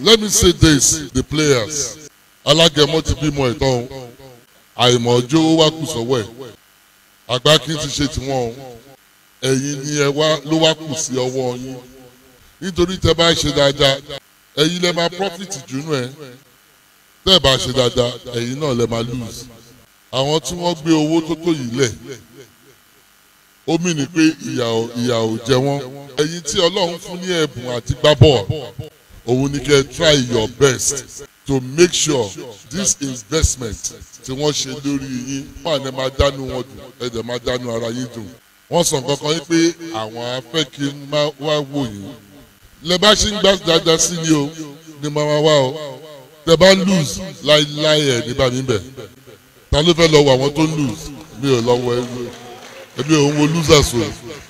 let me say this the players alágẹmọ ti bímọ ẹtàn àìmọ̀jó wá kù sọ́wọ́ ẹ̀ àgbà kí n ti ṣe tiwọn ẹ̀yin ni ẹ wá ló wá kù sí ọwọ́ yín nítorí tẹ bá ṣe dáadáa ẹ̀yin lẹ máa profit jùnú ẹ tẹ bá ṣe dáadáa ẹ̀yin náà lẹ máa lose àwọn tí wọ́n gbé owó tó tó yìí lẹ̀ ó mì ní pé ìyà ò jẹ wọ́n ẹ̀yin tí Ọlọ́run fún ní ẹ̀bùn àti gbá òun ni kẹ́ try your best to make sure this investment tí wọ́n ṣe lórí yín wà ní máa dánú wọn dùn ẹ̀dẹ̀ máa dánú ara yín dùn wọ́n sọ nǹkan kan pé àwọn afẹ́ máa wá wò yín lẹ bá ṣe ń gbà dáadáa sí ni o ni màá wá o tẹ bá lose láíláí ẹ̀ nígbà mí bẹ̀ ta ló fẹ́ lọ wọ àwọn tó lose mi ò lọ wọ ẹ lóye ò ń wo losers o.